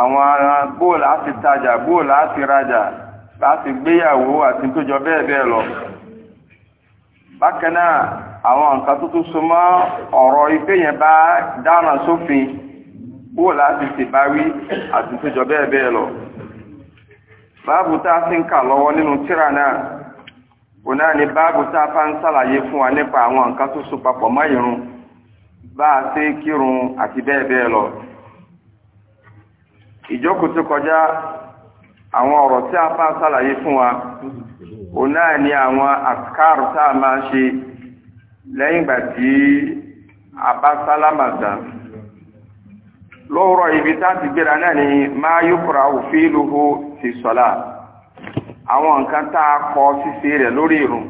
àwọn ará bóòlù àti tajà bóòlù àti rajà láti gbéyàwó àti tó jọ bẹ́ẹ̀ bẹ́ẹ̀ lọ bákan àwọn nǹkan tó tún so ọ̀rọ̀ yẹn bá dáná sófin bóòlù àti bẹ́ẹ̀ bẹ́ẹ̀ lọ báàbù tá a ti ń kà lọ́wọ́ nínú tíra náà kò náà ni báàbù tá a ń fún wa nípa àwọn nǹkan tó papọ̀ a ti kírun àti bẹ́ẹ̀ bẹ́ẹ̀ lọ. ìjókòó tó kọjá àwọn ọ̀rọ̀ tí a bá sàlàyé fún wa o náà ni àwọn àkàrù tá a máa ṣe lẹ́yìn ìgbà tí a bá sálámà tán lóòrọ̀ ibi tá ti gbéra náà ni máa yúkura òfin lóko ti sọ́lá àwọn nǹkan tá a kọ ṣíṣe rẹ̀ lórí ìrùn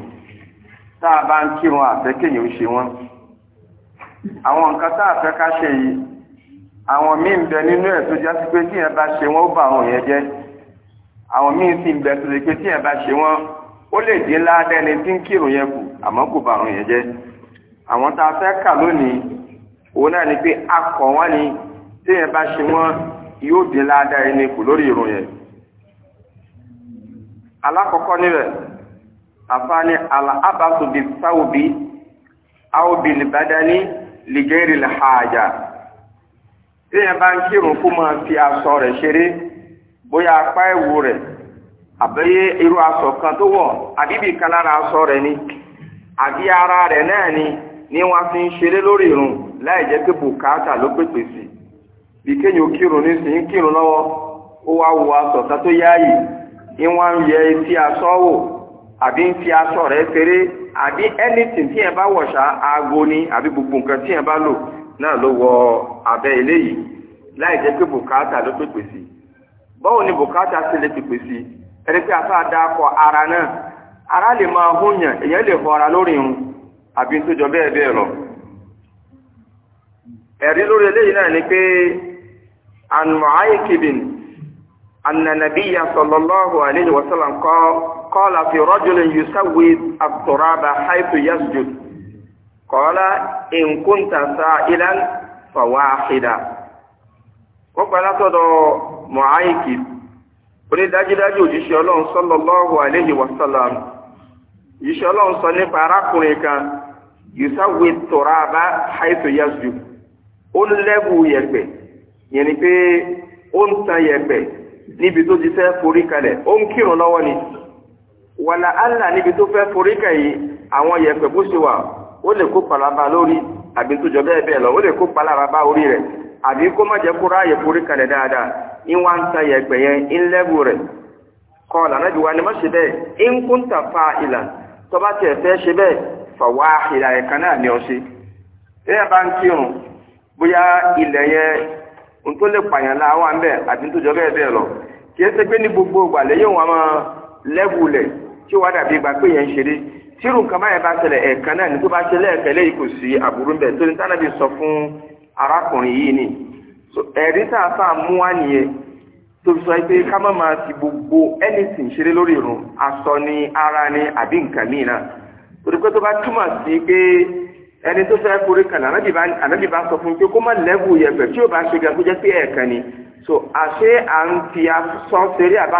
tá a bá ń kírun àfẹ́kẹ̀yìn ó ṣe wọ́n àwọn nǹkan tá a fẹ́ ká ṣe yìí àwọn míì ń bẹ nínú ẹ̀ tó já sí pé tí yẹn bá ṣe wọ́n ó bá àwọn yẹn jẹ́ àwọn míì sì ń bẹ tó ṣe pé tí yẹn bá ṣe wọ́n ó lè dín ládẹ́ni tí ń kírun yẹn kù àmọ́ kò bá àwọn yẹn jẹ́ àwọn tá a fẹ́ kà lónìí òun náà ni pé akọ̀ wọ́n ni tí yẹn bá ṣe wọ́n yóò dín ládẹ́ni kù lórí ìrun yẹn alakọkọ níbẹ̀ afaani ala abasu bi sawubi awo bilibadani ligeri lahaja tí yẹn bá ń kírun kó máa fi aṣọ rẹ̀ ṣeré bóyá apá ẹ̀wù rẹ̀ àbí irú aṣọ kan tó wọ̀ àbíbì kan lára aṣọ rẹ̀ ni àbí ara rẹ̀ náà ni ni wọ́n fi ń ṣeré lórí irun láì jẹ́ pé bùkátà ló pèpè sí bí kéèyàn kírun nísìnyí kírun lọ́wọ́ ó wá wo aṣọ kan tó yáàyè ni wọ́n ń yẹ etí aṣọ wò àbí ń fi aṣọ rẹ̀ ṣeré àbí anything tí yẹn bá wọ̀ ṣá aago ni àbí gbogbo nǹkan tí yẹn bá lò náà ló wọ abẹ́ eléyìí láì jẹ́ pé bùkátà ló pèpè sí báwo ni bùkátà sì lè pèpè sí ẹni pé afá da akọ ara náà ara lè máa húnyàn èèyàn lè fọ ara lórí irun àbí tó jọ bẹ́ẹ̀ bẹ́ẹ̀ lọ ẹ̀rí lórí eléyìí náà ni pé anmuaikibin annanabiya sallallahu alayhi wa sallam kọ́ kọ́ la fi rajulin yusawi at-turaba haythu yasjud. kọ́lá ìǹkúntà sa ilán fàwa àkìdá wọ́n gba látọ̀dọ̀ mọ̀áìkì oní dájúdájú òjíṣẹ́ ọlọ́run sallallahu alayhi wa sallam òjíṣẹ́ ọlọ́run sọ nípa arákùnrin kan yusawe tọ̀ràbá haythu yasjud ó lẹ́bù yẹ̀pẹ̀ yẹn ni pé ó ń tan yẹ̀pẹ̀ níbi tó ti fẹ́ forí kalẹ̀ ó ń Allah níbi tó fẹ́ forí yìí àwọn yẹ̀pẹ̀ bó ṣe wà ó lè kó palaba lórí àbí tó jọ bẹ́ẹ̀ bẹ́ẹ̀ lọ ó lè kó palaba bá orí rẹ̀ àbí kó má jẹ́ kó ráàyè forí kalẹ̀ dáadáa ìwà ń ta yẹn ń rẹ̀ kọ́ wa ni má ṣe bẹ́ẹ̀ ń kún tà fa ìlà tó bá tiẹ̀ fẹ́ ṣe bẹ́ẹ̀ fà ni bẹ́ẹ̀ bá ń kírun bóyá ilẹ̀ yẹn tó lè pààyàn la tó jọ bẹ́ẹ̀ bẹ́ẹ̀ lọ kì í ṣe ní gbogbo wọn lẹ́bù lẹ̀ tí dàbí ìgbà pé tírù nǹkan báyẹn bá ṣẹlẹ̀ ẹ̀ẹ̀kan náà ní tó bá ṣẹlẹ̀ ẹ̀kẹ́lẹ́ yìí kò sí àbúrú bẹ̀ tó ní tánàbí sọ fún arákùnrin yìí ni ẹ̀rí tá a fà mú wá nìyẹn tó sọ pé ká má máa ti gbogbo ẹnìsìn ṣeré lórí irun aṣọ ni ara ni àbí nǹkan míì náà torí pé tó bá túmọ̀ sí pé ẹni tó fẹ́ forí kan ànábì bá sọ fún pé kó má lẹ́bù yẹpẹ̀ tí ó bá ṣe gan kó jẹ́ pé ẹ̀ẹ̀kan ni so àṣé à ń fi aṣọ ṣeré àbá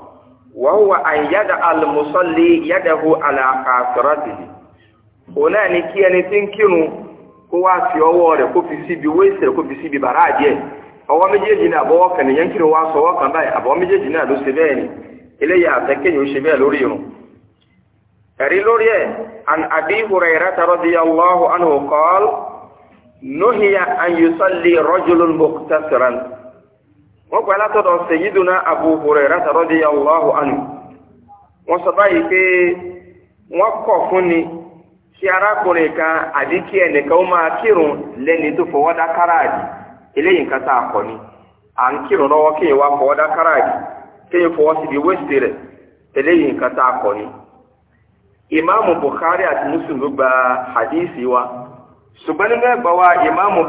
wàhùwà àyíyáda àlùmùsọ́lì yàdàhù àlàkàtúrọ́tìlì òun náà ni kí ẹni tí ń kírun kó wá fi ọwọ́ rẹ̀ kó fi síbi wéṣẹ̀ rẹ̀ kó fi síbi bàrá àdìẹ ọwọ́ méjèèjì náà àbọ̀wọ́ kan nìyẹn kírun wá sọ ọwọ́ kan báyìí àbọ̀wọ́ méjèèjì náà ló ṣe bẹ́ẹ̀ ni eléyà àtẹ́kẹ́yìn ó ṣe bẹ́ẹ̀ lórí irun ẹ̀rí lórí ẹ̀ an àbí hurairata radiyallahu anhu qala nuhiya an yusalli rajulun muqtasiran wọ́n gbà látọ̀dọ̀ Sayyiduna Abu Hurairah radiyallahu anhu wọ́n sọ báyìí pé wọ́n kọ̀ fún ni kí arákùnrin kan àbí kí ẹnìkan ó máa kírun lẹ́ni tó káràdì eléyìí nǹkan tá a kọ̀ ni à ń kírun lọ́wọ́ kéèyàn wá fọwọ́ dá fọwọ́ síbi rẹ̀ eléyìí nǹkan tá a kọ̀ ni. ìmáàmù Bukhari àti Muslim gba wa ṣùgbọ́n nínú wa ìmáàmù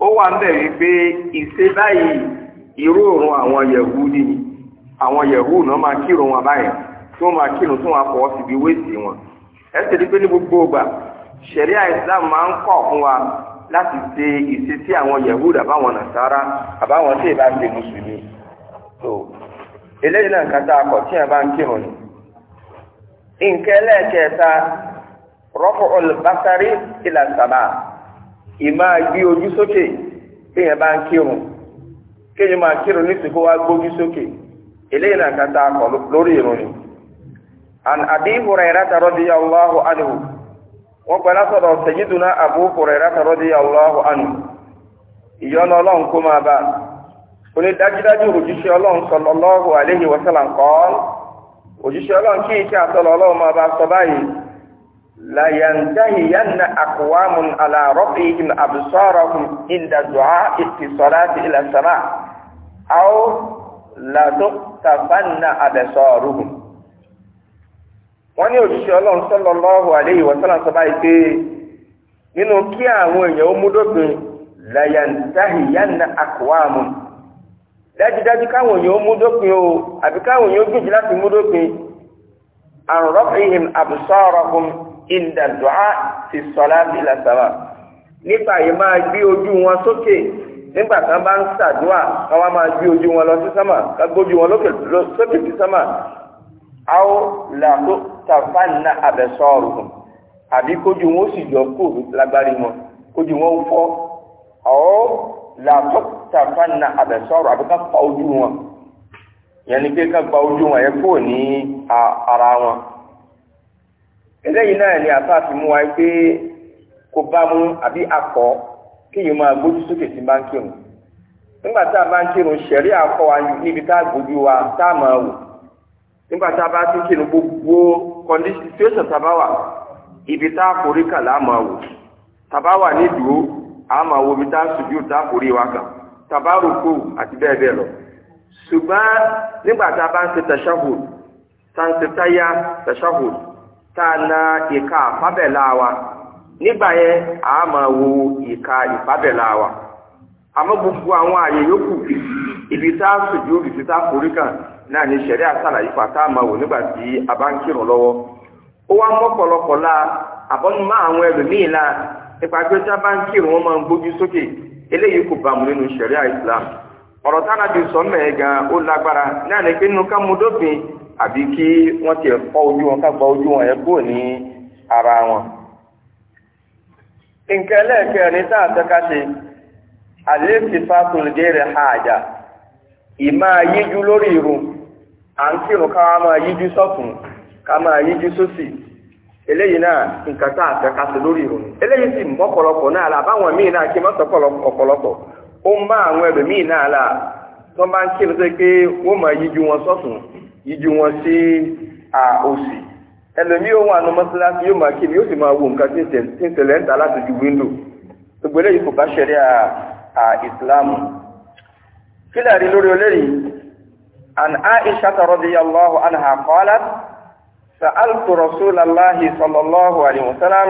ó wà ń bẹ̀ wípé ìṣe báyìí irú òrùn àwọn yẹ̀hú ni àwọn yẹ̀hú náà máa kírun wọn báyìí tí wọ́n máa kírun tí wọ́n á fọwọ́ síbi wéèsì wọn ẹ sì pé ní gbogbo ìgbà ṣẹ̀ríà Islam máa ń kọ̀ fún wa láti ṣe ìṣesí àwọn yẹ̀hú àbáwọn nàṣàrà àbáwọn tí ìbá ṣe mùsùlùmí tó eléyìí náà nǹkan tá a kọ̀ tí ẹ̀ bá ń kírun ni. nǹkan ẹlẹ́ẹ̀kẹta rọ́pò olùbásárì ìlà ìmá gbé ojú sókè téèyàn bá ń kírun kéèyàn máa kírun nítorí kó wá gbójú sókè eléyìí náà kàtà akọ lórí irun ni. an Abi Hurairata radiyallahu anhu wọ́n pẹ́ lásọ̀rọ̀ sayyiduna Abu Hurairata radiyallahu anhu ìyọ́nú ọlọ́run kó máa bá ó ní dájúdájú òjíṣẹ́ ọlọ́run sallallahu alaihi wa sallam kọ́ òjíṣẹ́ ọlọ́run kí àtọ́lọ́ ọlọ́run máa bá sọ báyìí la yantahi yanna aqwamun ala raf'ihim absarahum inda du'a ittisalati ila sama aw la tuqtafanna absaruhum wọ́n ní òjíṣẹ́ Ọlọ́run sallallahu alaihi wa sallam sọ báyìí pé nínú kí àwọn èèyàn ó múdópin la yantahi yanna aqwamun dájúdájú káwọn èèyàn ó múdópin o àbí káwọn èèyàn ó gbìyànjú láti múdópin an raf'ihim absarahum ìdà dùá ti sọlá ìlà sábà nípa yìí máa gbé ojú wọn sókè nígbà kan bá ń ṣàdúà kan wá máa gbé ojú wọn lọ sí sámà kan gbójú wọn lókè sókè sí sámà àwọn làtó tàfánà àbẹ̀sọ̀rù àbí kójú wọn ó sì jọ kó lágbárí wọn kójú wọn ó fọ́ àwọn làtó tàfánà àbẹ̀sọ̀rù àbí ká pa ojú wọn yẹn ni pé ká pa ojú wọn yẹn kúrò ara wọn. eléyìí náà ni àfa fi mú wa pé kó bá mú àbí akọ kéèyàn máa gbójú sókè sí bá ń nígbà tá a bá ń kírun ṣẹ̀rí wa níbi tá a gbójú wa tá a máa wò nígbà tá a bá ti kírun gbogbo condition tá a bá wà ibi tá a forí kà láà máa wò tá a bá wà ní a máa wo ibi tá a tá a wa tá a bá àti bẹ́ẹ̀ bẹ́ẹ̀ lọ ṣùgbọ́n nígbà tá a bá ń ṣe tá a ń ṣe táyà ta na ìka àfábẹ̀lá nígbà a máa wo ìka wa àmọ́ gbogbo a sùn ju ibi tá a forí kàn náà ní sẹ̀rí àṣàlàyé pàtó a máa wò nígbà tí a bá ń kírun lọ́wọ́ ó wá la àwọn la nípa pé a bá ń kírun wọn máa ń gbójú sókè eléyìí kò nínú ọ̀rọ̀ di sọ́mẹ̀ gan ó lágbára náà ní pé nínú ká mú àbí kí wọ́n ti ẹ̀kọ́ ojú wọn kágbà ojú wọn ẹ̀ ara wọn. nǹkan ẹlẹ́ẹ̀kẹrin tá a ṣe ha àjà ìmá yíjú lórí irun à ń kírun ká máa yíjú ká máa yíjú sósì eléyìí náà nǹkan a lórí eléyìí sì pọ̀lọpọ̀ náà báwọn míì náà kí n sọ pọ̀lọpọ̀ yíjú wọn sí òsì ẹlòmí yóò wà ní mọ́sálásí yóò máa kí ni yóò sì máa wo nǹkan tí ń ṣẹlẹ̀ ń ta láti ju wíńdò gbogbo eléyìí kò bá ṣẹlẹ̀ à ìsìláàmù kí láàrin lórí olórí an aisha radiyallahu anha qalat sa'altu rasulallahi sallallahu alaihi wasallam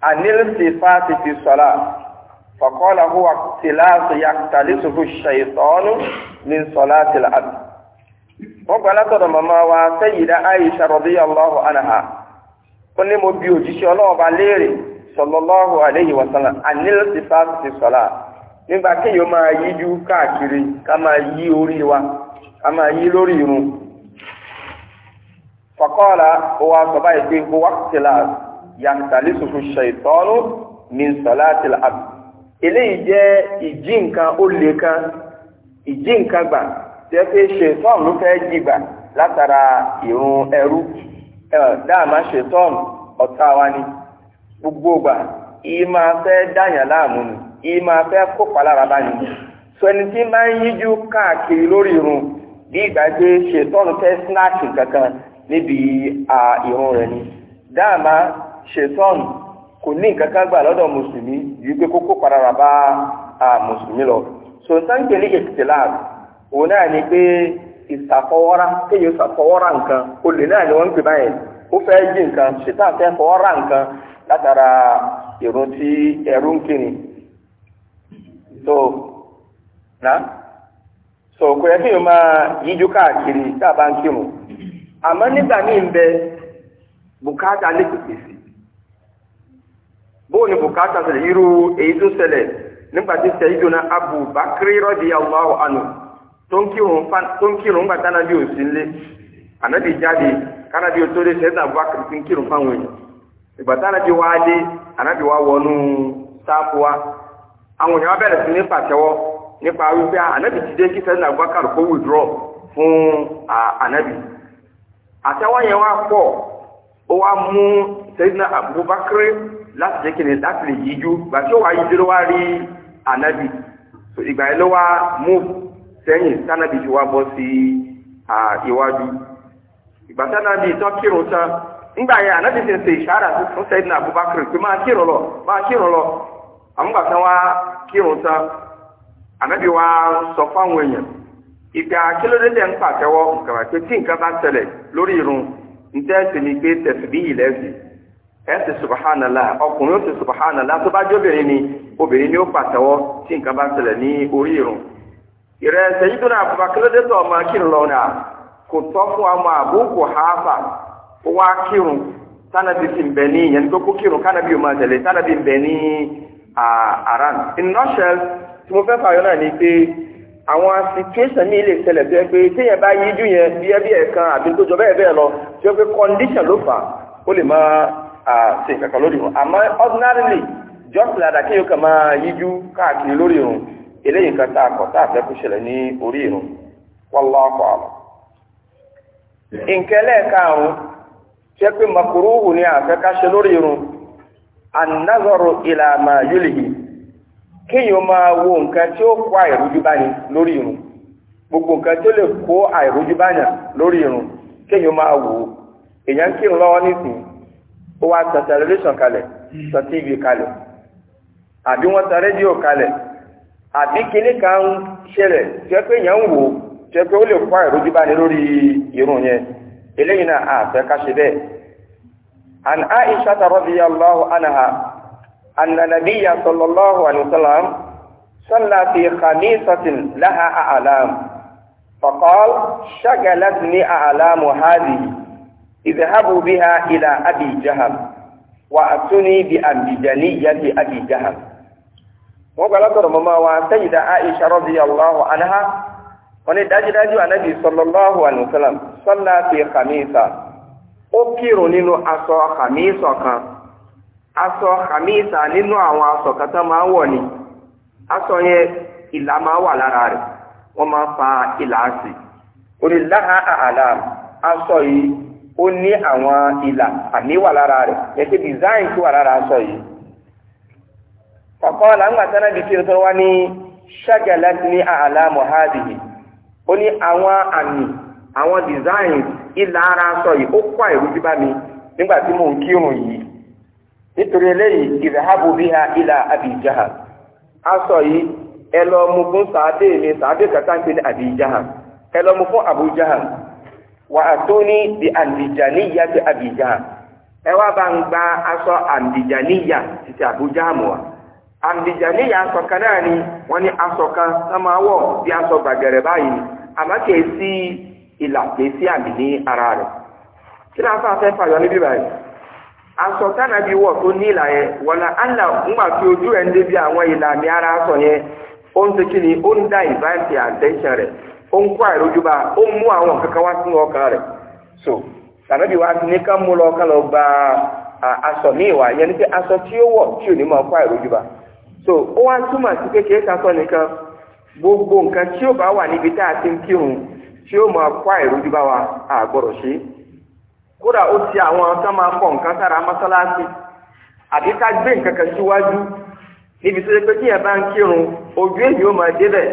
anil sifati fi salat faqala huwa tilasu yaqtalisuhu ash-shaytanu min salati al wọ́n gba látọ̀dọ̀ màmá wa sayyida Aisha radiyallahu anha ó ní mo bi òjíṣẹ́ ọlọ́ọ̀ba léèrè sallallahu alayhi wa sallam anil sifat ti sọ̀la nígbà kéèyàn máa yíjú káàkiri ká máa yí orí wa ká máa nǹkan ó le kan ìjí nǹkan gbà tẹ́ pé ṣètọ́n ló fẹ́ jìgbà látara ìrun ẹrú dáàmà ṣètọ́n ọ̀tá wa ni gbogbo gbà ìyí máa fẹ́ dáyàn láàmú ni ìyí máa fẹ́ kópa lára báyìí ni sọni tí máa ń yíjú káàkiri lórí ìrun bí ìgbà pé ṣètọ́n fẹ́ snatch kankan níbi ìrun rẹ̀ ni dáàmà ṣètọ́n kò ní nǹkan kan gbà lọ́dọ̀ mùsùlùmí yìí pé kókó padà rà bá mùsùlùmí lọ sọ̀tàn gbèlè èkìtì láàrú òun náà ni pé ìsàfọwọ́rá kéèyàn ìsàfọwọ́rá nǹkan olè ni wọ́n ń pè báyìí ó fẹ́ jí nǹkan ṣètò àfẹ́fọwọ́rá nǹkan látara ìrun tí ẹ̀rú so na so kò yẹ kí n máa yíjú káàkiri tá a bá ń kírun àmọ́ nígbà míì ń bẹ bùkátà lè sí bóun ni bùkátà ṣẹlẹ̀ irú èyí tó ṣẹlẹ̀ nígbà tí tó ń kírun ńgbà tánábì ò sí nílé ànábì jáde kánábì tó dé sẹ́dá bákìrì tí ń kírun fáwọn èèyàn ìgbà tánábì wá dé ànábì wá wọnú wa àwọn èèyàn wá bẹ̀rẹ̀ sí ní nípa wípé ànábì ti dé kí sẹ́dá bákìrì kó wìdúrọ̀ fún ànábì àtẹ́wọ́ yẹn wá pọ̀ ó wá mú sẹ́dá Abubakar láti jẹ́ kíni láti lè yíjú gbàtí ó wá yíjú ló wá rí ànábì ìgbà yẹn ló wá sẹ́yìn tánàbí ti wá bọ́ sí iwájú ìgbà tánàbí tán kírun tán nígbà ànábì ti ń ṣe ìṣára fún sẹ́yìn Abubakar pé máa kírun lọ máa kírun lọ àwọn tán wá kírun tán ànábì wá sọ fáwọn èèyàn ìgbà kílódé tẹ̀ pàtẹ́wọ́ nǹkan pé tí nǹkan bá tẹ̀lẹ̀ lórí irun ń tẹ́sí ni pé tẹ̀sí bí ilẹ̀ ni obìnrin ni ó pàtẹ́wọ́ tí nǹkan bá ìrẹ sẹyìndínlá àbúbakílódé tó ọmọ akírun lọ náà kò tọ́ fún ọmọ àbúkù hàáfà wá kírun tánàbí ti ń bẹ ní ìyẹn tó kó kírun kánàbí ò máa tánàbí ń bẹ ní tí mo fẹ́ fààyàn náà ni pé àwọn situation ní ilé ìṣẹ̀lẹ̀ tó yẹ pé téèyàn bá yíjú yẹn bí ẹbí àbí tó jọ bẹ́ẹ̀ bẹ́ẹ̀ lọ tí ó eléyìí nǹkan tá a kọ̀ tá a fẹ́ kó ṣẹlẹ̀ ní orí ìrun wallahu a'lam. nǹkan ẹlẹ́ẹ̀karùn-ún ṣé pé makuruhu ni àfẹ́ ká ṣe lórí ìrun an-nazaru ila ma yóò kéèyàn máa wo nǹkan tí ó kó àìrújú bá ní lórí irun. gbogbo nǹkan tí ó lè kó àìrújú bá yàn lórí ìrun kéèyàn máa wò ó èèyàn ń kírun lọ́wọ́ nísìnyí ó wá kalẹ̀ tv kalẹ̀ àbí wọ́n tan rédíò kalẹ̀ àbí kinní kan ń ṣẹlẹ̀ jẹ́ pé èèyàn ń wò jẹ́ pé ó lè kó àìrójú bá ní lórí irun yẹn eléyìí náà àfẹ́ ká ṣe bẹ́ẹ̀. an aisha radhiyallahu anha anna nabiyya sallallahu alayhi wa sallam salla fi khamisatin laha a'lam faqal shagalatni a'lamu hadhihi idhabu biha ila abi jahal wa atuni bi anbijaniyati abi jahal. wọ́n gba látọ̀rọ̀ mọ́mọ́ wa sayyida Aisha radiyallahu anha wọ́n ní dájúdájú anabi sallallahu wa sallam salla khamisa ó kírun nínú aṣọ khamisa kan aṣọ khamisa nínú àwọn aṣọ kata máa wọ̀ ni aṣọ yẹn ìlà máa wà lára rẹ̀ wọ́n máa fa ìlà sí i oníláha àlàm aṣọ yìí ó ní àwọn ìlà àmì wà lára rẹ̀ yẹ kí design tó wà lára aṣọ fàkọ́ọ̀lá ń gbàtà náà bìkí tó wá ní ṣàgàlá ní àlá mọ̀háàdìyí ó ní àwọn àmì àwọn design ìlà ara sọ yìí ó kó àìrújú bá mi nígbà tí mò ń kírun yìí nítorí eléyìí ìrẹ̀hábù bí ha ìlà Abi Jahal aṣọ yìí ẹ lọ mú fún sàádé mi sàádé kàtà ń pè ní ẹ lọ mú fún Abu wà á tó ní di àǹdìjàníyà ti Abi ẹ wá bá ń gba aṣọ àǹdìjàníyà ti Abu Jahal mọ́ wa. àǹdìjàní yà ni wọn ní aṣọ kan wọ́n máa bí aṣọ gbàgẹ̀rẹ̀ báyìí ni kìí sí ìlà kìí sí àmì ní ara rẹ̀ kí ló ń fa fàyọ níbí báyìí aṣọ bí wọ tó ní ìlà yẹn ńgbà tí ojú ẹ̀ ń débi àwọn ìlà mi ni ó ń dá ìbáǹtì ó ń kó ó ń mú àwọn kankan so tànàbí wa ti ní ká mú lọ lọ gba aṣọ so ó wá túmọ̀ sí pé kìí sasọ nìkan gbogbo nǹkan tí ó bá wà níbi tá a ti ń kírun tí ó máa kó àìrójú bá wa àgbọ̀rọ̀ ṣe kódà ó ti àwọn kan máa pọ̀ nǹkan sára mọ́sálásí àbí ká gbé nǹkan kan síwájú níbi tó ṣe pé kíyàn bá ń kírun ojú èyí ó máa débẹ̀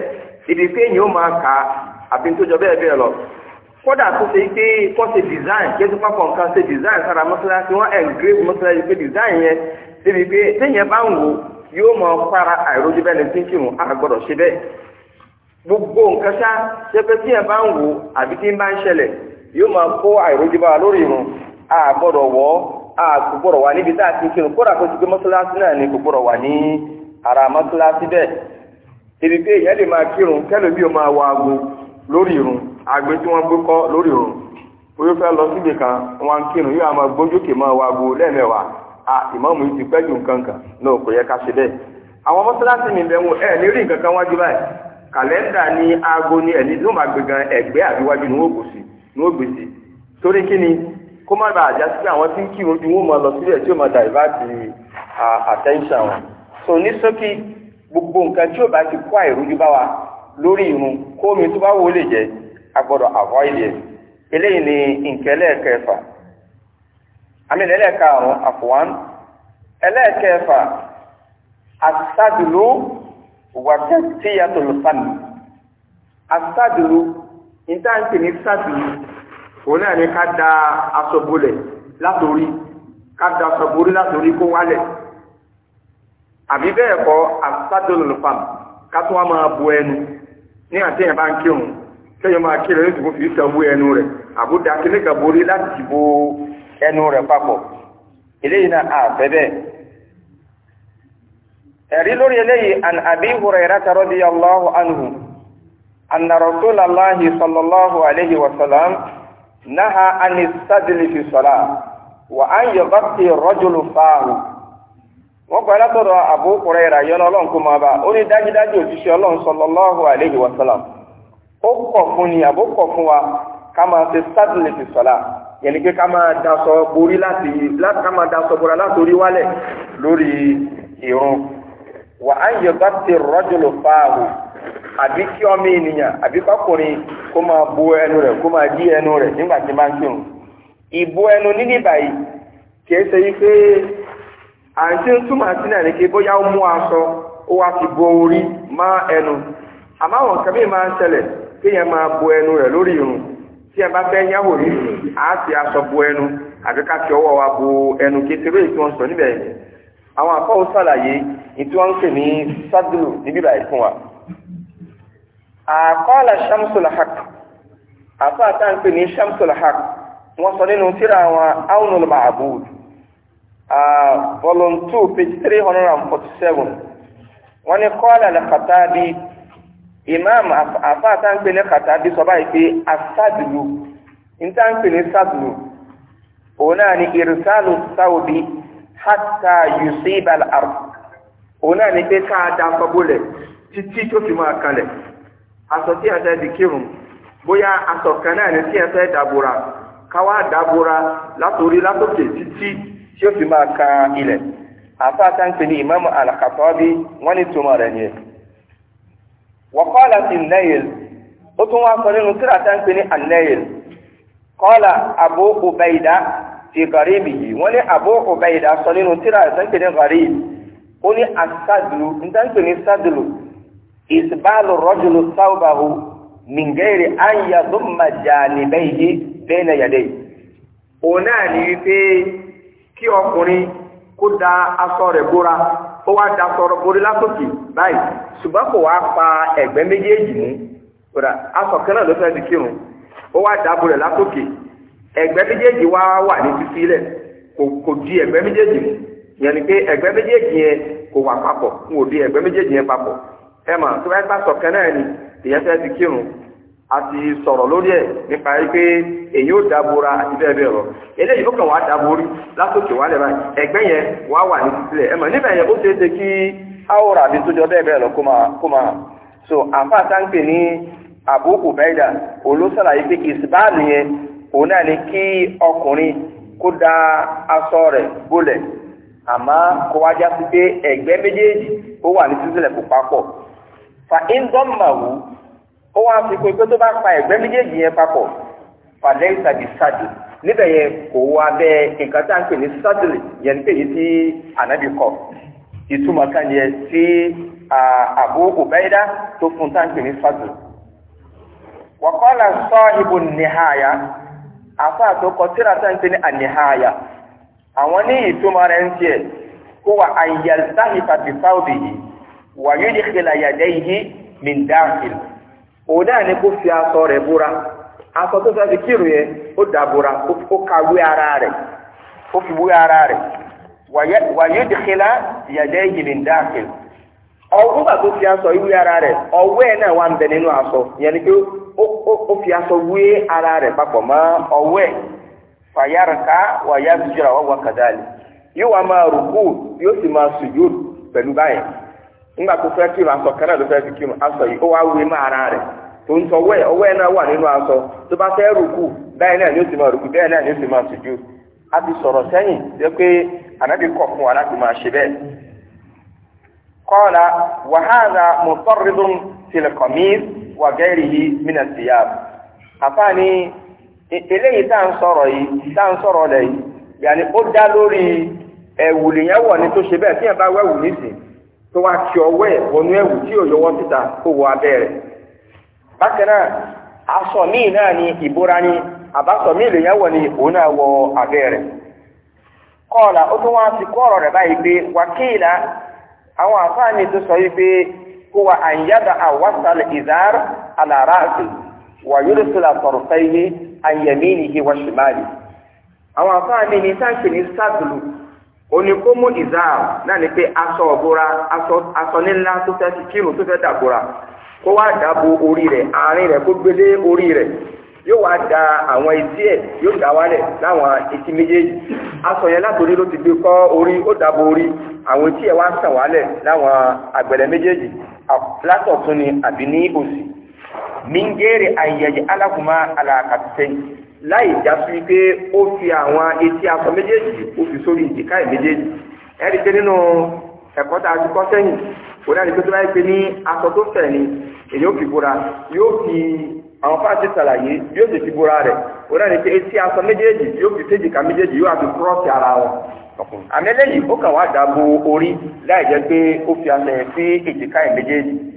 ibi pé èyí ó máa kà á àbí tó jọ bẹ́ẹ̀ bẹ́ẹ̀ lọ kódà tó ṣe pé kọ́ ṣe design kí ẹtú pápọ̀ nǹkan ṣe design sára mọ́sálásí wọ́n engrave mọ́sálásí pé design yẹn débi pé téèyàn bá ń wò yóò máa para àìrójú bẹ́ẹ̀ ni tí a ṣe bẹ́ẹ̀ gbogbo nǹkan ṣá tí ẹ bá ń wò àbí tí ń bá ń ṣẹlẹ̀ yóò kó àìrójú lórí irun a gbọ́dọ̀ a wà níbi tá a kódà ni ara mọ́ṣáláṣí bẹ́ẹ̀ ibi pé lè máa kírun máa wọ aago lórí irun tí wọ́n gbé kọ́ lórí irun oyún fẹ́ a ìmáàmù yìí ti pẹ́ ju nǹkan kan náà kò yẹ ká ṣe bẹ́ẹ̀ àwọn mọ́sálásí mi bẹ̀ ń wo ẹ̀ ní rí nǹkan kan wájú báyìí kàlẹ́ndà ní aago ní ẹ̀ní ló máa gbẹ̀gàn ẹ̀gbẹ́ àbíwájú ni wọ́n kò sí ni wọ́n gbèsè torí kí ni kó má bàa já sí pé àwọn tí ń wọn máa lọ tí ó máa wọn ní gbogbo nǹkan tí ó bá ti kó bá wa lórí irun kómi tó bá wọlé jẹ agbọ́dọ̀ avoid it eléyìí ni nkẹlẹ kẹfà àmì ẹlẹ́ẹ̀karùn-ún àfọwọ́n ẹlẹ́ẹ̀kẹfà asádùlù wàtí tíyàtọ̀ lùfàmì asádùlù ìtàǹtì ní sádùlù òun náà ni ká da aṣọ bolẹ̀ látòrí ká da aṣọ borí látòrí kó wálẹ̀ àbí bẹ́ẹ̀ kọ́ asádùlù lùfàmì ká tó wá máa bu ẹnu ní àti ẹ̀yàn bá ń kírun ẹnu rẹ̀ papọ̀ eléyìí náà àfẹ́ bẹ́ẹ̀. ẹ̀rí lórí eléyìí an Abi Hurayrata radiyallahu anhu anna rasulallahi sallallahu alayhi wa sallam naha an istadili fi salah wa an yughatti rajulu faahu wọ́n gba látọ̀dọ̀ Abu Hurayra yọ́nà ọlọ́run kó máa bá ó ní dájúdájú òjíṣẹ́ ọlọ́run sallallahu alayhi wa ó kọ̀ fún ni àbó kọ̀ fún wa ká máa ṣe sádìlì fi sọ̀lá yẹni pé ká máa daṣọ borí láti láti ká máa daṣọ bora láti orí wálẹ̀ lórí irun wà á yẹ bá ti rọ́jòló fáàwù àbí kí ọmọ ènìyàn àbí kọkùnrin kó máa bo ẹnu rẹ kó máa dí ẹnu rẹ nígbà tí máa ń kírun ìbo ẹnu níní báyìí kìí ṣe yí pé à ń túmọ̀ sí náà ní kí bóyá ó mú aṣọ ó wá fi bo orí má ẹnu àmọ́ àwọn kan bí máa ń ṣẹlẹ̀ kéèyàn máa bo ẹnu rẹ lórí irun. tí ẹ bá fẹ́ yáwò ní a ti aṣọ bo ẹnu àbí ká fi ọwọ́ wa bo ẹnu kékeré tí wọ́n sọ níbẹ̀ àwọn àkọ́wò sàlàyé ìtí wọ́n ń pè ní sádùlù níbí báyìí fún wa. àkọ́ọ̀lá shamsul haq àfa àtà ń pè ní shamsul haq wọ́n sọ nínú tírà àwọn aunul maabud volume two page three hundred and forty seven wọ́n ní kọ́ọ̀lá lẹ́kàtà bíi. imam afa àtàǹpé ní kàtàbí sọ báyìí pé asádùlù ìtàǹpé ní sádùlù òun náà ni irsalu sáwùdí hatta yusiba al-ard òun náà ni pé ká da fọbólẹ̀ títí tó fi máa kalẹ̀ aṣọ tí a fẹ́ di kírun bóyá aṣọ kan náà ni tí a fẹ́ dàbòrà káwá dàbòrà látòrí látòkè títí tí ó fi máa ka ilẹ̀ afa àtàǹpé ni imam al bi wọ́n ní túmọ̀ rẹ̀ wọ́kọ́lá ti nẹ́yìn ó tún wá sọ nínú tíra ń pè ní anẹ́yìn kọ́lá Abu Ubaida fi gàríbì yìí wọ́n ní Abu Ubaida sọ nínú tíra ń pè ní gàríbì ó ní asádùlù ń tá pè ní sádùlù ìsìbáàlù rọ́jùlù sáwùbáhù mìngẹ́rì áyà tó mà jà níbẹ̀ yìí bẹ́ẹ̀ yìí òun da aṣọ rẹ̀ O wá da sọ̀rọ̀ borí lásòkè báyìí ṣùgbọ́n kò wá pa ẹ̀gbẹ́ méjèèjì mú kódà aṣọ náà ló fẹ́ kírun ó wá da borí lásòkè ẹ̀gbẹ́ méjèèjì wá wà ní títí lẹ̀ kò di ẹ̀gbẹ́ méjèèjì mú ni pé ẹ̀gbẹ́ méjèèjì yẹn kò wà papọ̀ n ò di ẹ̀gbẹ́ méjèèjì yẹn ẹ mà tó bá yẹ pé aṣọ ni ìyẹn fẹ́ kírun àti sọ̀rọ̀ lórí ẹ̀ nípa pé èyí ò dábòra àti bẹ́ẹ̀ bẹ́ẹ̀ lọ eléyìí ó kàn wá dábòrí lásòkè wà lẹ́ba ẹ̀gbẹ́ yẹn wá wà ní sísílẹ̀ ẹ̀mọ̀ níbẹ̀ yẹn ó ṣeé kí áwòrán tó jọ bẹ́ẹ̀ bẹ́ẹ̀ lọ kó máa so àfa sáńpè ní àbúkù ni ó wá fi pé pé tó bá pa ẹ̀gbẹ́ méjèèjì yẹn papọ̀ pàdé ìtàgé sáàdì níbẹ̀ yẹn kò wọ abẹ́ nǹkan tá à ń pè ní sádìlì yẹn pè yí sí ànábì kọ ìtumọ̀ kan yẹn sí àbú òbẹ́dá tó fún tá à ń pè ní sádìlì. wàkọ́lá sọ ibò nìhàyà àfa tó síra tá à ń pè ní ànìhàyà àwọn ní ìtumọ̀ rẹ̀ ń tiẹ̀ kó wa àyàlsáhìfà bìsáwò bìyí wàyúdìkìlà yàdẹ́yìí mìndáàkìlì. òun náà ni kó fi aṣọ rẹ̀ búra aṣọ tó fẹ́ fi kírun yẹn ó dàbúra ó kawé ara rẹ̀ ó fi wé ara rẹ̀ wàyé dìkìlá tó fi aṣọ ara rẹ̀ ẹ̀ náà wà ń bẹ nínú aṣọ ìyẹn ni pé ó fi aṣọ wé ara rẹ̀ papọ̀ mọ́ ọwọ́ ẹ̀ wàyà bìjìrà kàdáàlì yóò máa rùkú yóò sì máa pẹ̀lú báyìí ńgbà tó fẹ́ kírun aṣọ kan náà ló fẹ́ fi kírun aṣọ yìí ó wá wé má ara rẹ̀ tó ń sọ wẹ́ ọwọ́ ẹ̀ náà wà nínú aṣọ tó bá fẹ́ rùkù bẹ́ẹ̀ náà ni ó ti máa rùkù bẹ́ẹ̀ náà ni ó ti máa sùjú a ti sọ̀rọ̀ sẹ́yìn jẹ́ pé ànábì kọ̀ fún wa láti máa ṣe bẹ́ẹ̀. kọ́ọ̀lá wàhálà mùtọ́rìdùn tìlẹ̀kọ̀mí wà gẹ́rìhì mínàtìyà àfààní eléyìí tá à ń sọ̀rọ̀ yìí tá à ń sọ̀rọ̀ lẹ̀ yìí yàní ó dá lórí ẹ̀wù lèyẹn wọ̀ ní tó ṣe bẹ́ẹ̀ tí yẹn bá wẹ̀wù nísìnyí tó wá kí ọwọ́ ẹ̀ wọnú ẹ̀wù tí yóò yọwọ́ síta kó wọ abẹ́ bákan náà aṣọ míì náà ni ìbora ni àbáṣọ míì lèyàn wọ̀ ni òun náà wọ abẹ́ kọ́ọ̀là ó tún wá ti kó ọ̀rọ̀ rẹ̀ báyìí pé wákìlá àwọn àfáàní tó sọ yìí pé kó wa àyàdà àlàráàsì wà yóò sọlá sọ̀rọ̀ fẹ́ oníkómú ìzáàrù náà ni pé aṣọ ọ̀búra aṣọ nílá tó fẹ́ ti kírun tó fẹ́ dàbúra kó wá dàbò orí rẹ̀ àárín rẹ̀ kó gbélé orí rẹ̀ yóò wá da àwọn etí ẹ̀ yóò dà wálẹ̀ láwọn etí méjèèjì aṣọ yẹn látòrí ló ti gbé kọ́ orí ó dàbò orí àwọn etí ẹ̀ wá sàn wálẹ̀ láwọn àgbẹ̀lẹ̀ méjèèjì látọ̀tún min gẹ́rẹ̀ àyẹ̀yẹ alákùnmá alákàtúntẹ́ láì jásí pé ó fi àwọn etí asọ méjèèjì ó fi sórí ìdíkà méjèèjì ẹ̀rí pé nínú ẹ̀kọ́ tá a ti kọ́ sẹ́yìn kò dáa ni pé tó bá yẹ pé ní tó fẹ̀ ni èyí ó fi bora yóò fi àwọn fáṣí ṣàlàyé yóò sì fi bora rẹ̀ kò dáa ní fi séjìká méjèèjì yóò àfi kúrọ́ọ̀sì ara wọn àmì ó kàn wá dàbò orí láì jẹ́ pé ó fi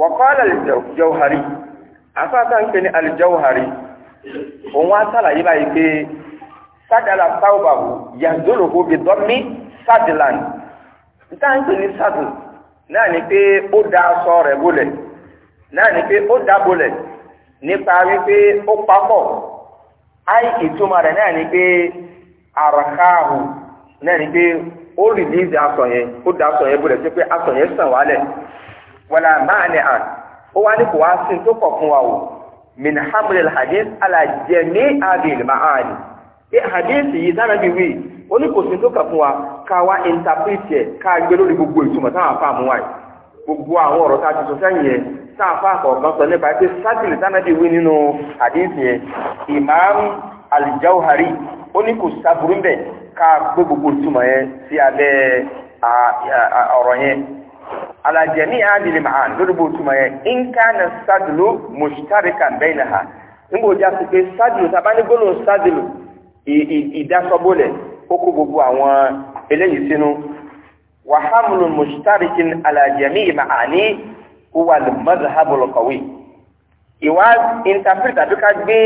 wọ̀kọ́lá aljawhari afáàtà a pè nke aljawhari òun asàlàyé báyìí pé sádàlà sáwùbàwò sadala bí dọ́mí sádìlán níta ń pè ní sádù náà ni pé ó da aṣọ rẹ̀ bolẹ̀ náà ni pé ó da bolẹ̀ nípa wípé ni pé àràkáàhù náà ni pé yẹn da yẹn wàlà máàlì àn ó wá ní kò wá sí tó kọ̀ fún wa o min hamlil hadith alajẹ ní abil ma'ani pé hadith yìí sára bí wí ó ní kò sí tó kọ̀ fún wa ká wá interpret ẹ̀ ká gbé lórí gbogbo ìtumọ̀ táwọn afá mú wáyé gbogbo àwọn ọ̀rọ̀ tá a ti sọ sẹ́yìn yẹn tá a fà kọ̀ọ̀kan sọ nípa pé sátìlì sára bí wí nínú hadith yẹn imam alijawhari ó ní kò sábúrú mbẹ ká gbé gbogbo ìtumọ̀ yẹn sí abẹ́ ọ̀rọ̀ yẹn ala jami'a adil ma'an lórí bó túmọ̀ yẹn in kana sadlu mushtarikan bainaha níbo já sí pé sadlu tàbá ní gbólóhùn sadlu ìdásọ́bólẹ̀ ó kó gbogbo àwọn eléyìí sínú wa hamlun mushtarikin ala jami'i ma'ani huwa al-madhhabul qawi ìwà interpret àbí ká gbé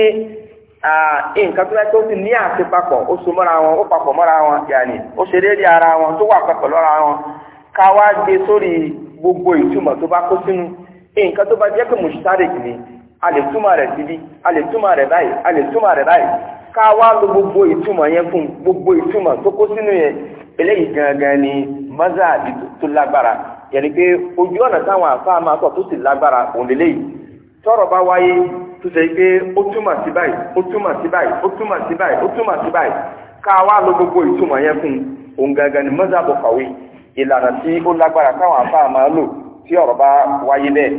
nǹkan tó láti ó sì ní àṣepapọ̀ ó so mọ́ra wọn ó papọ̀ mọ́ra wọn yàní ó ṣe déédéé ara wọn tó wà papọ̀ lọ́ra wọn ká wá gbé sórí gbogbo ìtumọ̀ tó bá kó sínú nǹkan tó bá jẹ́ pé mushtarik ni a lè túmọ̀ rẹ̀ síbi a lè túmọ̀ rẹ̀ báyìí a lè túmọ̀ rẹ̀ báyìí ká wá lo gbogbo ìtumọ̀ yẹn fún gbogbo ìtumọ̀ tó kó sínú yẹn eléyìí gangan ni mazhabi tó lágbára yẹni pé ojú ọ̀nà táwọn àfáà máa tọ̀ tó sì lágbára òun lélẹ́yìí tọ́rọ̀ bá wáyé tó ṣe pé ó túmọ̀ sí báyìí ó túmọ̀ sí báyìí ó túmọ̀ sí báyìí ó túmọ̀ sí báyìí ká wá lo gbogbo ìtumọ̀ yẹn fún òun gangan ni mazhabu qawi ìlànà tí ó lágbára káwọn àfáà máa lò tí ọ̀rọ̀ bá wáyé bẹ́ẹ̀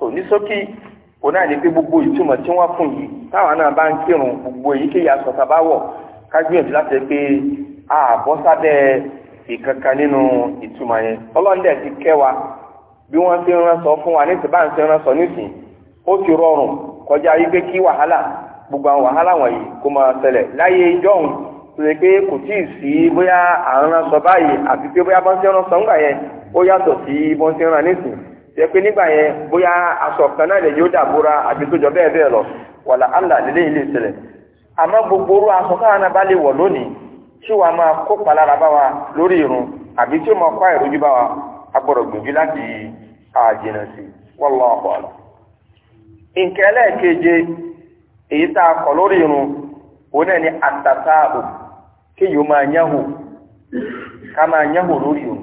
so ní sókí òun náà ní pé gbogbo ìtumọ̀ tí wọ́n fún yìí táwọn náà bá ń kírun gbogbo èyí kéèyà sọ̀tà bá wọ̀ láti pé sábẹ́ ìkankan nínú ìtumọ̀ yẹn ọlọ́ndẹ̀ ti bí bá ń gbogbo àwọn wàhálà wọ̀nyí kó máa ṣẹlẹ̀ láyé tòlè pé kò tí ì sí bóyá àrùn sọ báyìí àti pé bóyá bọ́ńsẹ́ ọ̀rọ̀ sọ ńgbà yẹn ó yàtọ̀ sí bọ́ńsẹ́ ọ̀rọ̀ nísìn tẹ pé nígbà yẹn bóyá aṣọ kan náà lè yóò tó jọ bẹ́ẹ̀ lọ wàlà allah lè léyìn lè gbogbo aṣọ káwọn náà bá lè wọ̀ lónìí tí wàá máa kó palára bá wa lórí irun àbí tí ó a òun náà ni àtàtà kéèyàn máa yáhù ká máa yáhù lórí òun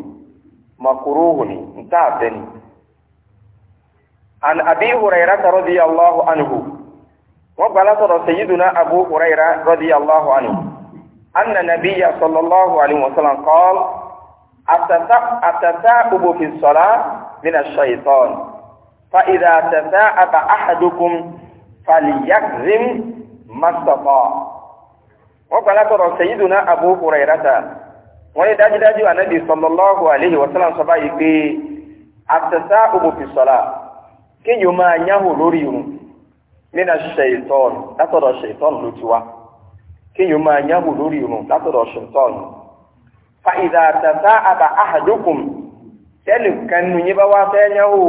makuruhu ni nta àfẹ́ ni. an abi hurayra ta rọ́dí allahu anhu wọ́n gbala sọ̀rọ̀ sayyiduna abu hurayra rọ́dí allahu anhu anna nabiyya sallallahu alaihi wasallam qala atata'ubu fi salat min ash-shaytan fa idha tata'aba ahadukum falyakzim ma wọ́n gbà látọ̀rọ̀ Sayyiduna Abu Hurairata wọ́n ní dájúdájú ànábì sallallahu alaihi wa sallam sọ báyìí pé àtẹ̀sá òbòfin sọ̀la kéèyàn máa yáhù lórí irun nínú ṣètọ́n látọ̀rọ̀ ṣètọ́n ló ti wá kéèyàn máa yáhù lórí irun látọ̀rọ̀ ṣètọ́n. fa ìdá àtẹ̀sá àbà ahadukum tẹ́lẹ̀ kan nu yín bá wá fẹ́ yáhù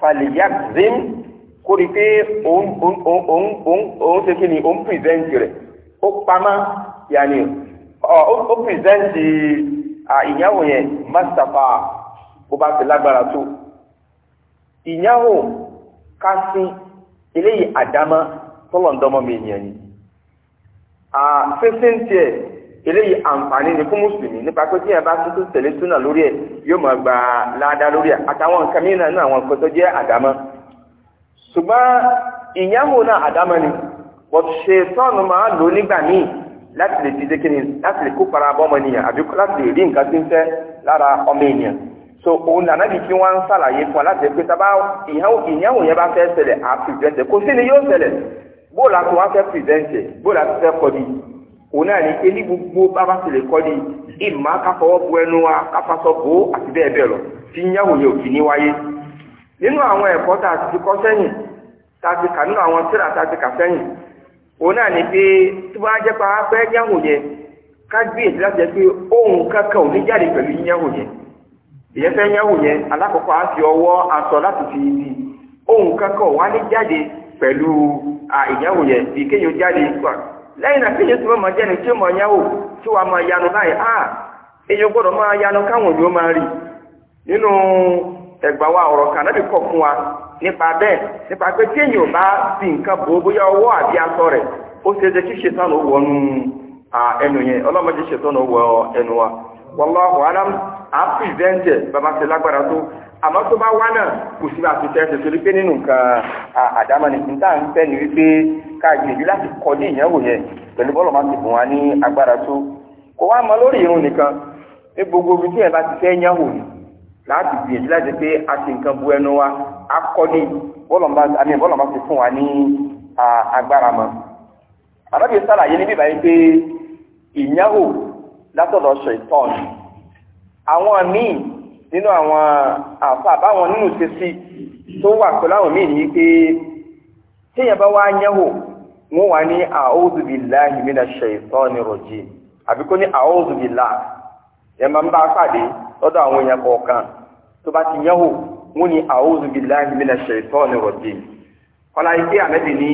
faliyakzim kórìí pé òun òun òun òun ṣe kí òun pìrìsẹ́ǹtì ó pamá yàní ó pìrìsẹ́ǹtì ìyàwó yẹn mọ́sàfà bó bá ti lágbára tó ìyàwó kásín eléyìí àdámá tọ́lọ̀ndọ́mọ́ mi ènìyàn ni fẹ́sẹ̀ ń tiẹ̀ eléyìí àǹfààní ni fún mùsùlùmí nípa pé tí yẹn bá tuntun tẹ̀lé súnà lórí ẹ̀ yóò máa gba láàdá lórí ẹ̀ àtàwọn nǹkan mìíràn náà àwọn nǹkan tó jẹ́ àdámá ṣùgbọ́n ìyàwó náà àdámá ni bọ́t ṣe tọ́ọ̀nù máa lò nígbà míì láti lè dìde kí ni láti lè kó para bọ́ ọmọ ènìyàn àbí láti lè rí nǹkan tí ń fẹ́ lára ọmọ ènìyàn so òun nàná bí kí wọ́n ń ṣàlàyé fún wa láti lè pé sábà ìyàwó yẹn bá fẹ́ ṣẹlẹ̀ à pìrìvẹ́ǹtẹ̀ kò sí ni yóò ṣẹlẹ̀ bóòlù àti wọn fẹ́ pìrìvẹ́ǹtẹ̀ bóòlù àti fẹ́ kọ́ di òun náà ní pé ní gbogbo bábá ti lè kọ́ di ìmọ̀ káfọwọ́ bu ẹnu wa káfasọ bò ó àti bẹ́ẹ̀ bẹ́ẹ̀ lọ tí ìyàwó yẹn ò fi ní wáyé nínú àwọn ẹ̀kọ́ tá a ti kọ́ sẹ́yìn òun náà ni pé tó bá jẹ́ pa fẹ́ yáwò yẹn ká gbé èdè láti jẹ́ pé ohun kankan ò ní jáde pẹ̀lú yáwò yẹn ìyẹn fẹ́ yáwò yẹn alákọ̀ọ́kọ́ á fi ọwọ́ aṣọ láti fi ibi ohun kankan wà ní jáde pẹ̀lú ìyáwò yẹn bí kéèyàn jáde lẹ́yìn náà tó máa tí ó máa tí wàá máa yanu gbọ́dọ̀ máa yanu káwọn òjò ẹgbà wa ọ̀rọ̀ kan nábì kọ̀ fún wa nípa bẹ́ẹ̀ nípa pé tí èyàn bá fi nǹkan bò ó bóyá ọwọ́ àbí aṣọ rẹ̀ ó ṣe é kí ṣètàn ó wọnú ẹnu yẹn ọlọ́mọdé ó wọ ẹnu wa alam a ń bàbá ṣe lágbára tó àmọ́ tó bá wá náà kò nínú nǹkan àdámọ́ níta ń fẹ́ ni wípé ká láti láti gbìyànjú láti pé a ṣe nǹkan bu ẹnu wa a kọ́ ní bọ́lọ̀mbà àmì bọ́lọ̀mbà ti fún wa ní agbára mọ́. àbábí sàlàyé níbí báyìí pé ìyáwó látọ̀dọ̀ ṣe ìtọ́n àwọn míì nínú àwọn àfa àbáwọn nínú ṣe sí tó wà pẹ̀lú àwọn míì ní pé téèyàn bá wá yáwó wọn wà ní a'udhu billahi minash shaitani rajim àbíkó ní a'udhu ẹ̀ máa ń bá a pàdé lọ́dọ̀ àwọn èèyàn kọ̀ọ̀kan tó bá ti yẹ́wò wọ́n ní a'udhu billahi minash shaitani ọ̀la ike amebi ní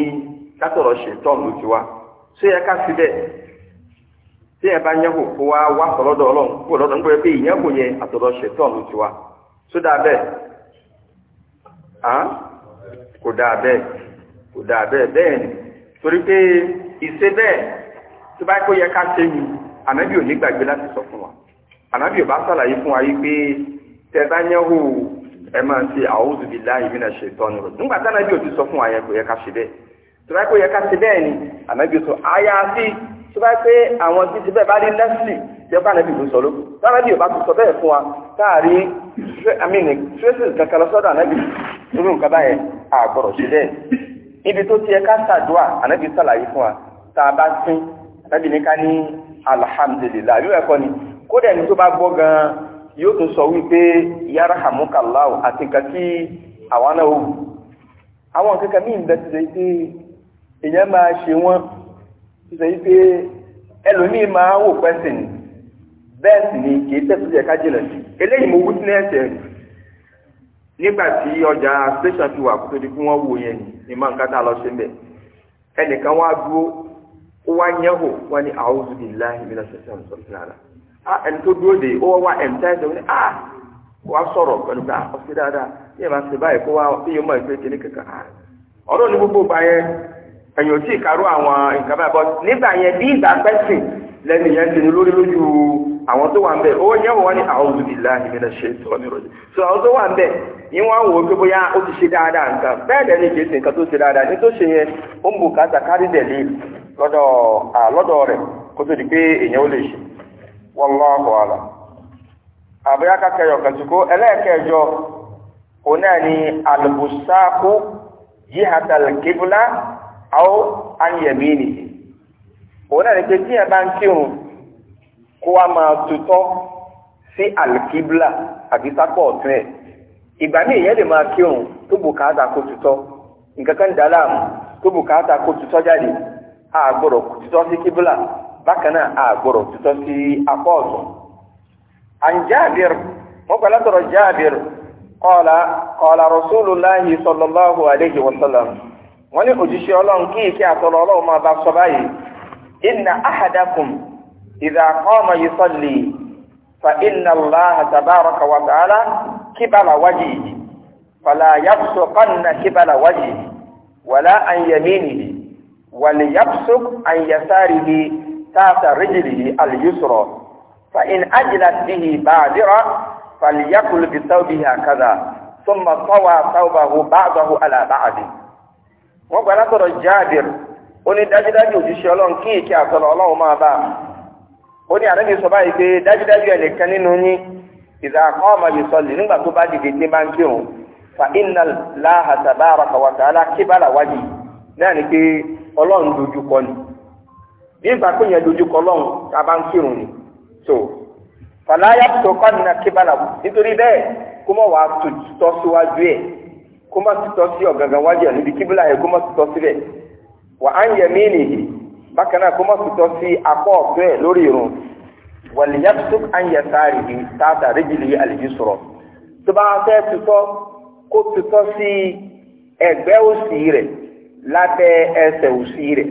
látọ̀rọ̀ ṣètọ́n ló ti wá ṣé yẹ ká síbẹ̀ tí ẹ bá yẹ́wò kó wá wá sọ̀rọ̀dọ̀ ọlọ́run lọ́dọ̀ nípa pé ìyẹ́wò yẹn àtọ̀rọ̀ ṣètọ́n ló ti wá tó dáa bẹ́ẹ̀ kò dáa bẹ́ẹ̀ kò dáa bẹ́ẹ̀ bẹ́ẹ̀ ni torí pé ìṣe bẹ́ẹ̀ tó bá kó yẹ ká ṣe ni ò ní gbàgbé láti sọ fún wa ò bá sàlàyé fún wa yí pé tẹ̀bá yẹ́hù ẹ máa ṣe a'udhu billahi minash shaitani rajim nígbà tí anábì ò ti sọ fún wa yẹn kò yẹ ká ṣe bẹ́ẹ̀ tó kó yẹ ká ṣe bẹ́ẹ̀ ni anábì sọ àyàfi tó bá pé àwọn títí bẹ́ẹ̀ bá rí nẹ́sì tí ọba anábì ló sọ ló tó anábì ò bá ti sọ bẹ́ẹ̀ fún wa káàrí traces kankan lọ sọ́dọ̀ anábì nínú nǹkan báyẹn àgbọ̀rọ̀ ṣe bẹ́ẹ̀ níbi tó alhamdulillah àbí ni kódà ẹni tó yóò tún sọ wípé yarhamukallahu àti nǹkan tí àwa náà wù àwọn kankan ní ìgbà ma pé èèyàn máa ṣe wọn tí sèyí pé ẹlòmíín máa wò pẹ́sìn bẹ́ẹ̀ sì ni kì í tẹ̀sí jìnà sí eléyìí mo nígbà tí ọjà station fi wà kótó di fún wọn wò yẹn ni máa ń kátà lọ sí mbẹ ẹnìkan Ah, ẹni tó dúró de ó wá ya tá ẹsẹ̀ wọ́n wá sọ̀rọ̀ pẹ̀lú pé ọ̀sẹ̀ ah, dáadáa yẹ́n máa ṣe báyìí kó wá yóò máa ṣe kíní kankan ah! ní gbogbo ba yẹn ẹ̀yìn òtí ìkarú àwọn nǹkan báyìí bọ́ nígbà yẹn bí ìgbà pẹ́sìn lẹ́nu yẹn ti ní lórí lójú àwọn tó wà ń bẹ̀ owó yẹn wọ́n wá ní a'udhu so àwọn tó wà ń bẹ̀ yín wò ó ti ṣe dáadáa nǹkan bẹ́ẹ̀ dẹ̀ nǹkan tó ṣe dáadáa ní tó ṣe yẹn ó ń bùkátà kárí dẹ̀ lé lọ́dọ̀ rẹ̀ kó wallahu alam àbúyá kákẹyọ kẹtùkú ẹlẹ́ẹ̀kẹjọ òun náà ni alùbùsáàkú yíhàtàlì kébùlá àó àyẹ̀mí nìyí náà ni tí bá ń kírun kó wa máa tutọ́ sí alùkíbùlá àbí sápọ̀ ọ̀tún ẹ̀ ìgbà míì ìyẹn lè máa kírun tó bùkátà kó tutọ́ nǹkan kan dàlá tó bùkátà kó tutọ́ jáde tutọ́ sí kíbùlá. bákan náà àgbọ̀rọ̀ títọ́ sí apá ọ̀tún. عن جابر وقال ترى جابر قال قال رسول الله صلى الله عليه وسلم wọ́n ní òjíṣẹ́ ọlọ́run kí ìkẹ́ àtọ́lọ́ ọlọ́run máa bá sọ báyìí inna ahadakum idha qama yusalli fa inna allah tabaraka wa ta'ala kibala wajhihi fala yabsuqanna kibala wajhihi wala an yaminihi wal yabsuq an yasarihi تحت رجله اليسرى فإن أجلت به بادرة فليقل بثوبه هكذا ثم طوى ثوبه بعضه على بعض وقال ترى جابر oni dájúdájú òjíṣẹ́ ọlọ́run kí èké àtọ̀rọ̀ ọlọ́run máa bá ó ní àrẹ́bí sọ báyìí pé dájúdájú ẹnìkan nínú yín ìdàkọ́ ọmọ yìí sọlẹ̀ nígbà tó bá dìde ní máa ń kírun fa inna láhàtàbára kàwàtà alákébàlà wájì náà ni pé ọlọ́run dojú kọ ni nígbà pé yẹn dojúkọ lọ́hùn tá a ń kírun ni so fàlàyà tó kọ́nà kébàlà nítorí bẹ́ẹ̀ kó mọ̀ wá tọ́ síwájú ẹ̀ kó mọ̀ tọ́ sí ọ̀gàngàn wájú ẹ̀ níbi kíbílà ẹ̀ kó mọ̀ tọ́ síbẹ̀ wà á ń yẹ mí nìyí bákan náà kó mọ̀ tọ́ sí apá ọ̀tún ẹ̀ lórí irun wàlìyà tó à ń yẹ sáàrì yìí táàtà rẹ́jìlì àlejò sọ̀rọ̀ tó bá fẹ́ tutọ́ kó tutọ́ sí ẹgbẹ́ òsì rẹ̀ lábẹ́ ẹsẹ̀ òsì rẹ̀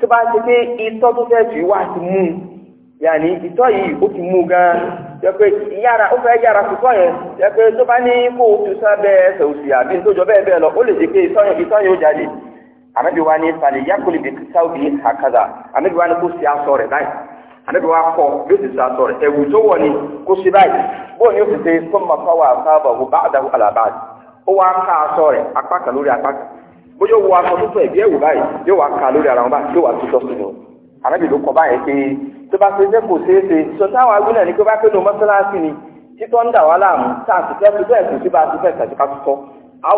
tụba bá ṣe pé itọ́ tó fẹ́ fi wá ti mú yàní yìí ó ti mú gan yára ó fẹ́ yára tó bá ní kó o tu sábẹ́ ẹsẹ̀ òsì àbí tó jọ bẹ́ẹ̀ bẹ́ẹ̀ lọ ó lè ṣe pé itọ́ yẹn ó jáde ànábi wa ní falẹ̀ yakoli bi sáwù bi hakaza wa ní kó rẹ̀ báyìí wa bí ó rẹ̀ ẹ̀wù tó wọ̀ ni kó báyìí bóyá wo aṣọ tó fẹ́ ẹ̀wò báyìí yóò wá ka lórí ara wọn báyìí yóò wá tó tọ́sí wọn. àrẹ́bì ló kọ báyìí pé tó bá ṣe kò ṣeé ṣe sọ táwọn ní pé bá ni títọ́ ń dà wá láàmú tá a sì fẹ́ bá a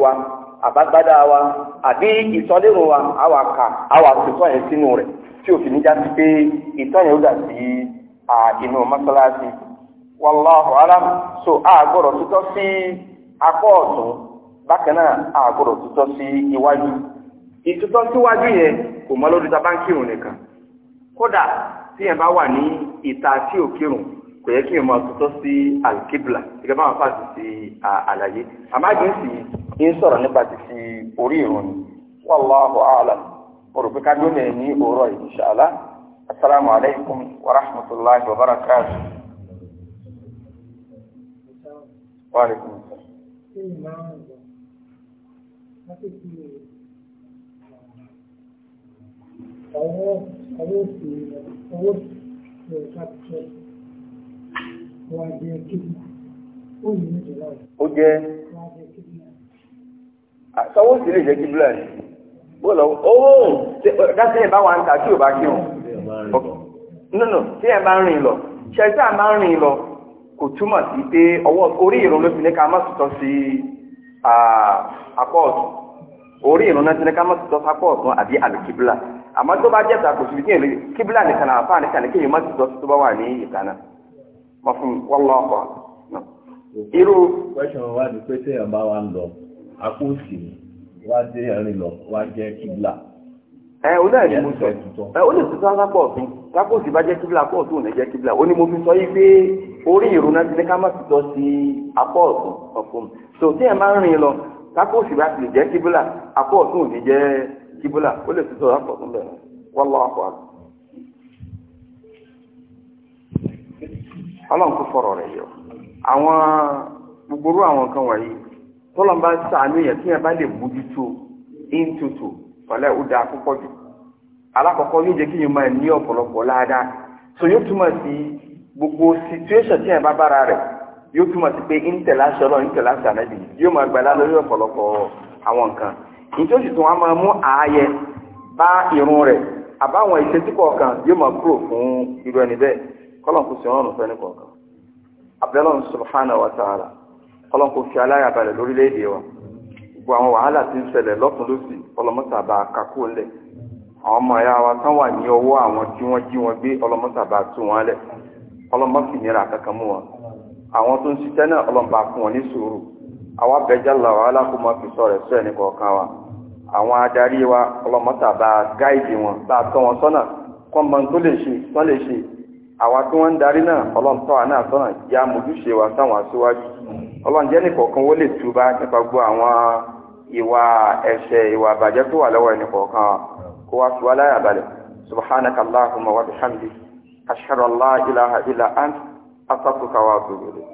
wa àbágbádá wa àbí ìtọ́lérò wa yẹn sínú rẹ̀ tí òfin níjà pé ìtọ́ yẹn ó sí inú mọ́sálásí. wàlláhu alam so àgọ́rọ̀ tutọ́ sí bákan náà àgọ́rọ̀ tutọ́ sí iwájú ìtutọ́ síwájú yẹn kò mọ́ lórí tàbá ń nìkan kódà tí yẹn bá wà ní ìta tí ò kírun kò yẹ kí yẹn máa tutọ́ sí alikibla gẹ́gẹ́ bá wọn fàṣì sí àlàyé àmájíǹsì ń sọ̀rọ̀ nípa ti fi orí ni mo rò pé ká ẹ̀ ní yìí asalaamu alaykum wa rahmatulahi wa Àwọn àwọn òsì owó ìrọ̀ká ti ṣe wà jẹ́ kíkì. Ó yìí ní ìjọba. Ó jẹ́. Àtọwọ́ sí lè jẹ́ kí bílẹ̀. Bó lọ, owó dáṣí ẹ̀ bá wà ń ta tí ò bá kí wọn. Nínú tí ẹ̀ bá ń rìn lọ, ṣẹ̀ṣẹ̀ àmà ń rìn lọ, kò túmọ̀ sí pé ọwọ́ orí ìrònú má sùtọ́ sí apọ́ọ̀tù orí ìrún náà ti ní ká má sọ sápọ̀ ọ̀tún àbí àlùkíbílà àmọ́ tó bá jẹ́ ta kò síbi kíyèlé kíbílà nìkan náà àfa nìkan nìkan yìí má sọ tó bá wà ní ìta náà mọ fún wọ́lọ́ ọkọ̀ náà. irú. question wa ni pé téèyàn bá wa ń lọ apó òsì wá dé ẹ̀rín lọ wá jẹ́ kíbílà. ẹ o náà ni mo sọ ẹ o lè sọ sápọ̀ ọ̀tún sápọ̀ òsì bá jẹ́ kíbílà apọ̀ ọ̀tún ò ní jẹ́ kíbílà ó ní mo fi sọ yí pé orí ìrún náà ti ní ká má sọ sí apọ̀ ọ̀tún ọ̀fun so téèyàn máa ń rìn lọ tákòsì bá ti lè jẹ́ kíbílà akọ́ ọ̀tún ò ní jẹ́ kíbílà ó lè tuntun akọ́ ọ̀tún bẹ̀rẹ̀ wọ́n lọ́ akọ́ àlọ́. ọlọ́run kò fọ̀rọ̀ rẹ̀ yọ àwọn gbogbooru àwọn nǹkan wọ̀nyí tọ́lọ́n bá sàánúyàn tí yẹn bá lè mójútó ìntutù ọ̀lẹ́ ó dáa púpọ̀ jù alákọ̀ọ́kọ́ yóò jẹ́ kí yẹn máa ní ọ̀pọ̀lọpọ̀ láadáa so yóò túmọ̀ sí gbogbo situation tí yẹn bá bára rẹ̀ yóò túmọ̀ sí pé ìntẹ̀lá sọ̀rọ̀ ìntẹ̀lá sànẹ́bì yóò máa gbàdá lórí ọ̀pọ̀lọpọ̀ àwọn nǹkan nítorí tuntun wọn máa mú ààyè bá irun rẹ̀ àbáwọn ìṣesí kọ̀ọ̀kan yóò máa kúrò fún irú ẹni bẹ́ẹ̀ kọ́lọ̀ kò sí ọ̀run fẹ́ni kọ̀ọ̀kan abẹ́lọ́ subhanahu wa ta'ala kọ́lọ̀ kò fi aláyàbalẹ̀ lórílẹ̀ wa gbogbo àwọn wàhálà ti ń ṣẹlẹ̀ lọ́kùn lósì ọlọ́mọ́sàbà kakú ńlẹ̀ àwọn ọmọ ẹ̀yà wa tán wà ní ọwọ́ àwọn tí wọ́n jí wọn gbé ọlọ́mọ́sàbà tú wọn lẹ̀ ọlọ́mọ́sì nira kankan mú wọn àwọn tó ń ṣiṣẹ́ náà ọlọ́mbà fún wọn ní sùúrù àwọn abẹ́jálà wa alákòómọ́ fi sọ rẹ̀ sọ ẹ̀ nìkọ̀ọ̀kan wa àwọn adarí wa ọlọ́mọ́ta bá gáìdì wọn bá tọ́ wọn sọ́nà kọ́mọ tó lè ṣe tán lè ṣe àwa tí wọ́n ń darí náà ọlọ́ntọ́ wa náà sọ́nà ya mojúṣe wa sáwọn aṣíwájú ọlọ́njẹ́ nìkọ̀ọ̀kan wó lè túbá nípa gbogbo àwọn ìwà ẹ̀ṣẹ̀ ìwà àbàjẹ́ tó wà lọ́wọ́ ẹnìkọ̀ọ̀kan wa kó wá fi wá láyà balẹ̀ subhanakallahumma wa bihamdi ashara Allah la ilaha illa anta أصدقك وأتوب إليك